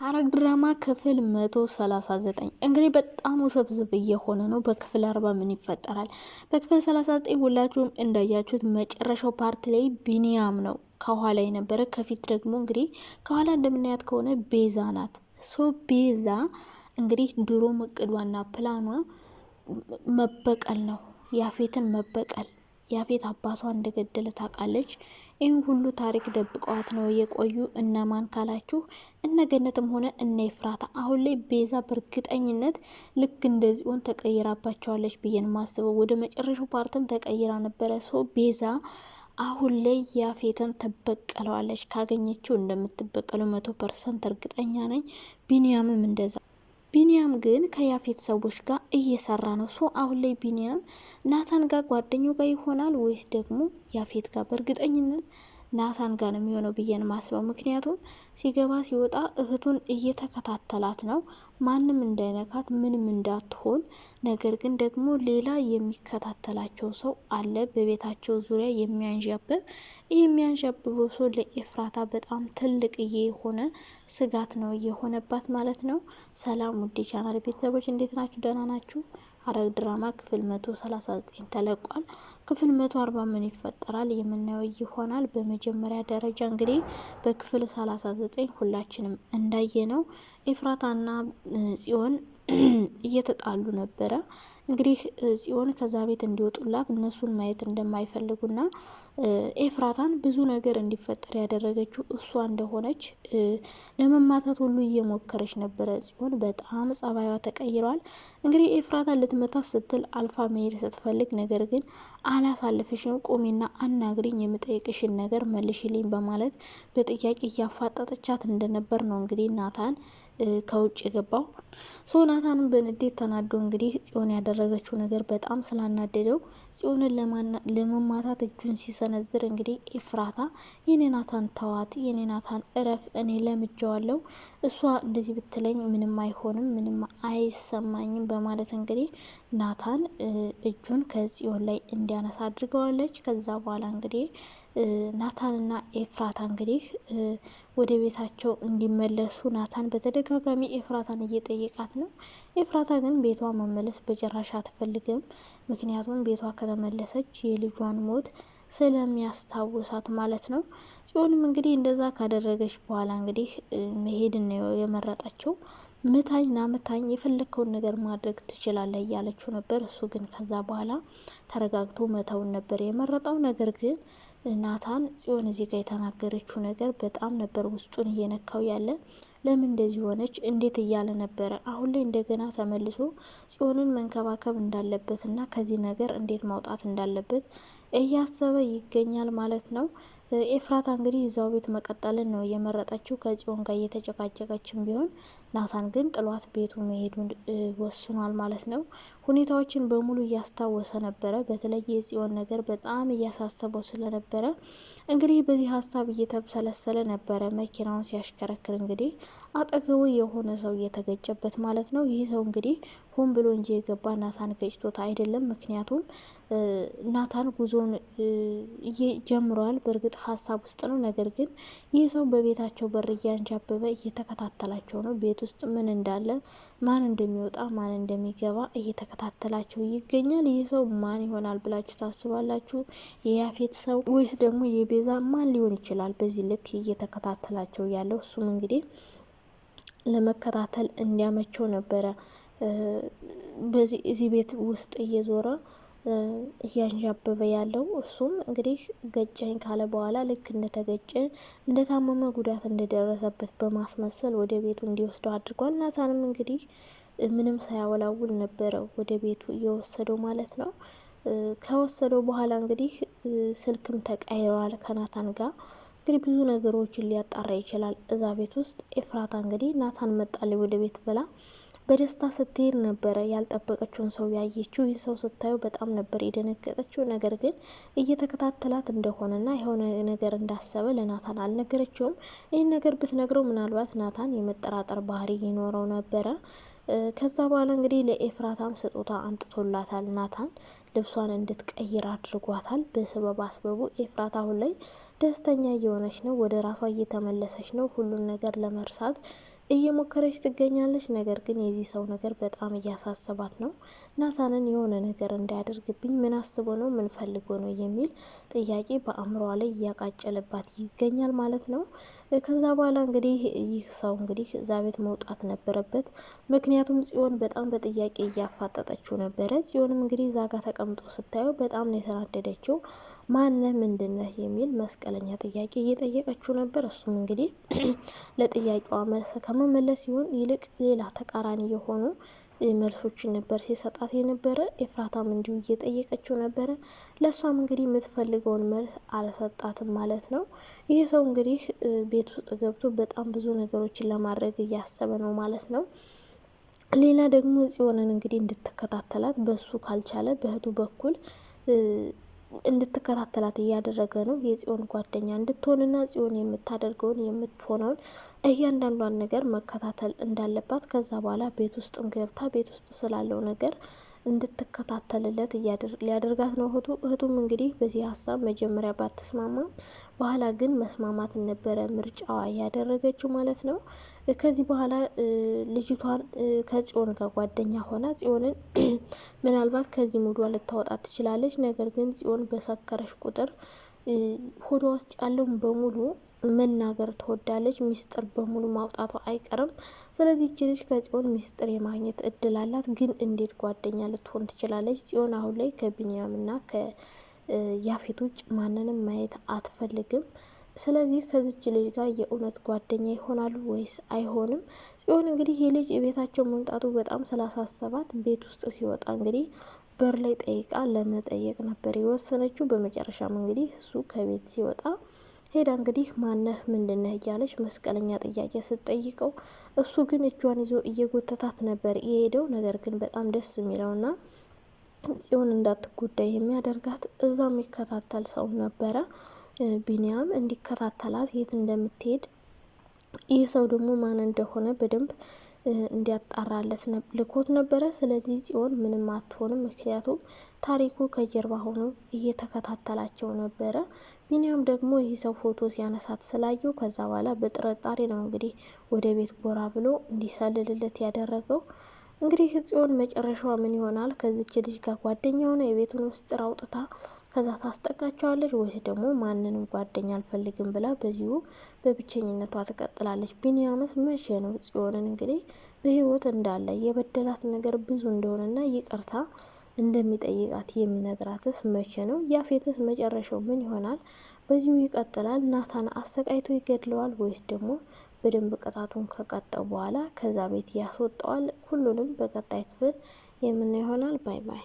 ሐረግ ድራማ ክፍል 139 እንግዲህ በጣም ውስብስብ እየሆነ ነው። በክፍል 40 ምን ይፈጠራል? በክፍል 39 ሁላችሁም እንዳያችሁት መጨረሻው ፓርት ላይ ቢኒያም ነው ከኋላ የነበረ፣ ከፊት ደግሞ እንግዲህ ከኋላ እንደምናያት ከሆነ ቤዛ ናት። ሶ ቤዛ እንግዲህ ድሮ እቅዷና ፕላኗ መበቀል ነው፣ ያፌትን መበቀል ያፌት አባቷ እንደገደለ ታውቃለች። ይህን ሁሉ ታሪክ ደብቀዋት ነው የቆዩ እነማን ካላችሁ እነ ገነትም ሆነ እነ ይፍራታ። አሁን ላይ ቤዛ በእርግጠኝነት ልክ እንደዚሁን ተቀይራባቸዋለች ብዬን ማስበው ወደ መጨረሻው ፓርትም ተቀይራ ነበረ። ሰው ቤዛ አሁን ላይ ያፌትን ትበቀለዋለች። ካገኘችው እንደምትበቀለው መቶ ፐርሰንት እርግጠኛ ነኝ። ቢንያምም እንደዛ ቢኒያም ግን ከያፌት ሰዎች ጋር እየሰራ ነው። ሶ አሁን ላይ ቢንያም ናታን ጋር ጓደኛው ጋር ይሆናል ወይስ ደግሞ ያፌት ጋር በእርግጠኝነት ናታን ጋር ነው የሚሆነው ብዬ ነው ማስበው። ምክንያቱም ሲገባ ሲወጣ እህቱን እየተከታተላት ነው፣ ማንም እንዳይነካት ምንም እንዳትሆን። ነገር ግን ደግሞ ሌላ የሚከታተላቸው ሰው አለ፣ በቤታቸው ዙሪያ የሚያንዣብብ። ይህ የሚያንዣብበው ሰው ለኤፍራታ በጣም ትልቅዬ የሆነ ስጋት ነው የሆነባት ማለት ነው። ሰላም ውድ ቻናል ቤተሰቦች እንዴት ናችሁ? ደህና ናችሁ? ሐረግ ድራማ ክፍል 139 ተለቋል። ክፍል 140 ምን ይፈጠራል የምናየው ይሆናል። በመጀመሪያ ደረጃ እንግዲህ በክፍል 39 ሁላችንም እንዳየ ነው ኤፍራታና ጽዮን እየተጣሉ ነበረ። እንግዲህ ጽዮን ከዛ ቤት እንዲወጡላት እነሱን ማየት እንደማይፈልጉና ኤፍራታን ብዙ ነገር እንዲፈጠር ያደረገችው እሷ እንደሆነች ለመማታት ሁሉ እየሞከረች ነበረ። ጽዮን በጣም ጸባይዋ ተቀይረዋል። እንግዲህ ኤፍራታን ልትመታት ስትል አልፋ መሄድ ስትፈልግ፣ ነገር ግን አላሳልፍሽም፣ ቁሚና አናግሪኝ፣ የምጠይቅሽን ነገር መልሽልኝ በማለት በጥያቄ እያፋጠጠቻት እንደነበር ነው እንግዲህ ናታን ከውጭ የገባው ሶ ናታንም በንዴት ተናዶ እንግዲህ ጽዮን ያደረገችው ነገር በጣም ስላናደደው ጽዮንን ለመማታት እጁን ሲሰነዝር እንግዲህ ኤፍራታ የኔ ናታን ተዋት፣ የኔ ናታን እረፍ፣ እኔ ለምጄዋለሁ፣ እሷ እንደዚህ ብትለኝ ምንም አይሆንም፣ ምንም አይሰማኝም በማለት እንግዲህ ናታን እጁን ከጽዮን ላይ እንዲያነሳ አድርገዋለች። ከዛ በኋላ እንግዲህ ናታንና ኤፍራታ እንግዲህ ወደ ቤታቸው እንዲመለሱ ናታን በተደጋጋሚ ኤፍራታን እየጠየቃት ነው። ኤፍራታ ግን ቤቷ መመለስ በጭራሽ አትፈልግም። ምክንያቱም ቤቷ ከተመለሰች የልጇን ሞት ስለሚያስታውሳት ማለት ነው። ጽዮንም እንግዲህ እንደዛ ካደረገች በኋላ እንግዲህ መሄድ ነው የመረጠችው። ምታኝ ና ምታኝ፣ የፈለግከውን ነገር ማድረግ ትችላለህ እያለችው ነበር። እሱ ግን ከዛ በኋላ ተረጋግቶ መተውን ነበር የመረጠው ነገር ግን ናታን ጽዮን እዚህ ጋር የተናገረችው ነገር በጣም ነበር ውስጡን እየነካው ያለ። ለምን እንደዚህ ሆነች እንዴት እያለ ነበረ። አሁን ላይ እንደገና ተመልሶ ጽዮንን መንከባከብ እንዳለበት እና ከዚህ ነገር እንዴት ማውጣት እንዳለበት እያሰበ ይገኛል ማለት ነው። ኤፍራታ እንግዲህ እዛው ቤት መቀጠልን ነው የመረጠችው። ከጽዮን ጋር እየተጨቃጨቀችም ቢሆን ናታን ግን ጥሏት ቤቱ መሄዱን ወስኗል ማለት ነው። ሁኔታዎችን በሙሉ እያስታወሰ ነበረ። በተለይ የጽዮን ነገር በጣም እያሳሰበው ስለነበረ እንግዲህ በዚህ ሀሳብ እየተብሰለሰለ ነበረ። መኪናውን ሲያሽከረክር እንግዲህ አጠገቡ የሆነ ሰው እየተገጨበት ማለት ነው። ይህ ሰው እንግዲህ ሆን ብሎ እንጂ የገባ ናታን ገጭቶት አይደለም። ምክንያቱም ናታን ጉዞን ጀምሯል በእርግጥ ሀሳብ ውስጥ ነው። ነገር ግን ይህ ሰው በቤታቸው በር እያንጃበበ እየተከታተላቸው ነው ቤቱ ውስጥ ምን እንዳለ ማን እንደሚወጣ ማን እንደሚገባ እየተከታተላችሁ ይገኛል። ይህ ሰው ማን ይሆናል ብላችሁ ታስባላችሁ? የያፌት ሰው ወይስ ደግሞ የቤዛ ማን ሊሆን ይችላል? በዚህ ልክ እየተከታተላቸው ያለው እሱም እንግዲህ ለመከታተል እንዲያመቸው ነበረ በዚህ እዚህ ቤት ውስጥ እየዞረ እያንዣበበ ያለው እሱም እንግዲህ ገጨኝ ካለ በኋላ ልክ እንደተገጨ እንደታመመ ጉዳት እንደደረሰበት በማስመሰል ወደ ቤቱ እንዲወስደው አድርጓል። ናታንም እንግዲህ ምንም ሳያወላውል ነበረ ወደ ቤቱ እየወሰደው ማለት ነው። ከወሰደው በኋላ እንግዲህ ስልክም ተቀይረዋል ከናታን ጋር እንግዲህ ብዙ ነገሮችን ሊያጣራ ይችላል እዛ ቤት ውስጥ። ኤፍራታ እንግዲህ ናታን መጣልኝ ወደ ቤት ብላ በደስታ ስትሄድ ነበረ ያልጠበቀችውን ሰው ያየችው። ይህ ሰው ስታዩ በጣም ነበር የደነገጠችው። ነገር ግን እየተከታተላት እንደሆነና የሆነ ነገር እንዳሰበ ለናታን አልነገረችውም። ይህን ነገር ብትነግረው ምናልባት ናታን የመጠራጠር ባህሪ ይኖረው ነበረ። ከዛ በኋላ እንግዲህ ለኤፍራታም ስጦታ አምጥቶላታል። ናታን ልብሷን እንድትቀይር አድርጓታል። በስበብ አስበቡ ኤፍራታ አሁን ላይ ደስተኛ እየሆነች ነው። ወደ ራሷ እየተመለሰች ነው። ሁሉን ነገር ለመርሳት እየሞከረች ትገኛለች። ነገር ግን የዚህ ሰው ነገር በጣም እያሳሰባት ነው። ናታንን የሆነ ነገር እንዳያደርግብኝ ምን አስቦ ነው ምን ፈልጎ ነው የሚል ጥያቄ በአእምሯ ላይ እያቃጨለባት ይገኛል ማለት ነው። ከዛ በኋላ እንግዲህ ይህ ሰው እንግዲህ እዛ ቤት መውጣት ነበረበት። ምክንያቱም ጽዮን በጣም በጥያቄ እያፋጠጠችው ነበረ። ጽዮንም እንግዲህ እዛ ተቀምጦ ስታየው በጣም ነው የተናደደችው። ማነህ ምንድነህ የሚል መስቀለኛ ጥያቄ እየጠየቀችው ነበር። እሱም እንግዲህ ለጥያቄዋ መልስ ከመ መለስ ሲሆን ይልቅ ሌላ ተቃራኒ የሆኑ መልሶችን ነበር ሲሰጣት የነበረ። ኤፍራታም እንዲሁ እየጠየቀችው ነበረ። ለእሷም እንግዲህ የምትፈልገውን መልስ አልሰጣትም ማለት ነው። ይህ ሰው እንግዲህ ቤት ውስጥ ገብቶ በጣም ብዙ ነገሮችን ለማድረግ እያሰበ ነው ማለት ነው። ሌላ ደግሞ ጽዮንን እንግዲህ እንድትከታተላት በሱ ካልቻለ በእህቱ በኩል እንድትከታተላት እያደረገ ነው። የጽዮን ጓደኛ እንድትሆንና ጽዮን የምታደርገውን የምትሆነውን እያንዳንዷን ነገር መከታተል እንዳለባት ከዛ በኋላ ቤት ውስጥም ገብታ ቤት ውስጥ ስላለው ነገር እንድትከታተልለት ሊያደርጋት ነው። እህቱ እህቱም እንግዲህ በዚህ ሀሳብ መጀመሪያ ባትስማማ በኋላ ግን መስማማት ነበረ ምርጫዋ እያደረገችው ማለት ነው። ከዚህ በኋላ ልጅቷን ከጽዮን ጋር ጓደኛ ሆና ጽዮንን ምናልባት ከዚህ ሙዷ ልታወጣ ትችላለች። ነገር ግን ጽዮን በሰከረች ቁጥር ሆዷ ውስጥ ያለውን በሙሉ መናገር ትወዳለች። ሚስጥር በሙሉ ማውጣቷ አይቀርም። ስለዚህ ይች ልጅ ከጽዮን ሚስጥር የማግኘት እድል አላት። ግን እንዴት ጓደኛ ልትሆን ትችላለች? ጽዮን አሁን ላይ ከቢንያምና ከያፌት ውጭ ማንንም ማየት አትፈልግም። ስለዚህ ከዚች ልጅ ጋር የእውነት ጓደኛ ይሆናሉ ወይስ አይሆንም? ጽዮን እንግዲህ ልጅ የቤታቸው መምጣቱ በጣም ስላሳሰባት ቤት ውስጥ ሲወጣ እንግዲህ በር ላይ ጠይቃ ለመጠየቅ ነበር የወሰነችው። በመጨረሻም እንግዲህ እሱ ከቤት ሲወጣ ሄዳ እንግዲህ ማነህ ምንድነህ እያለች መስቀለኛ ጥያቄ ስትጠይቀው እሱ ግን እጇን ይዞ እየጎተታት ነበር የሄደው። ነገር ግን በጣም ደስ የሚለውና ጽዮን እንዳትጎዳይ የሚያደርጋት እዛ የሚከታተል ሰው ነበረ። ቢኒያም እንዲከታተላት የት እንደምትሄድ ይህ ሰው ደግሞ ማን እንደሆነ በደንብ እንዲያጣራለት ልኮት ነበረ። ስለዚህ ጽዮን ምንም አትሆንም፣ ምክንያቱም ታሪኩ ከጀርባ ሆኖ እየተከታተላቸው ነበረ። ቢኒያም ደግሞ ይህ ሰው ፎቶ ሲያነሳት ስላየው ከዛ በኋላ በጥርጣሬ ነው እንግዲህ ወደ ቤት ጎራ ብሎ እንዲሰልልለት ያደረገው። እንግዲህ ጽዮን መጨረሻዋ ምን ይሆናል? ከዚች ልጅ ጋር ጓደኛ ሆነ የቤቱን ምስጢር አውጥታ ከዛ ታስጠቃቸዋለች፣ ወይስ ደግሞ ማንንም ጓደኛ አልፈልግም ብላ በዚሁ በብቸኝነቷ ትቀጥላለች? ቢንያምስ መቼ ነው ጽዮንን እንግዲህ በህይወት እንዳለ የበደላት ነገር ብዙ እንደሆነና ይቅርታ እንደሚጠይቃት የሚነግራትስ መቼ ነው? ያፌትስ መጨረሻው ምን ይሆናል? በዚሁ ይቀጥላል። ናታን አሰቃይቶ ይገድለዋል ወይስ ደግሞ በደንብ ቅጣቱን ከቀጠው በኋላ ከዛ ቤት ያስወጣዋል። ሁሉንም በቀጣይ ክፍል የምናየው ይሆናል። ባይ ባይ።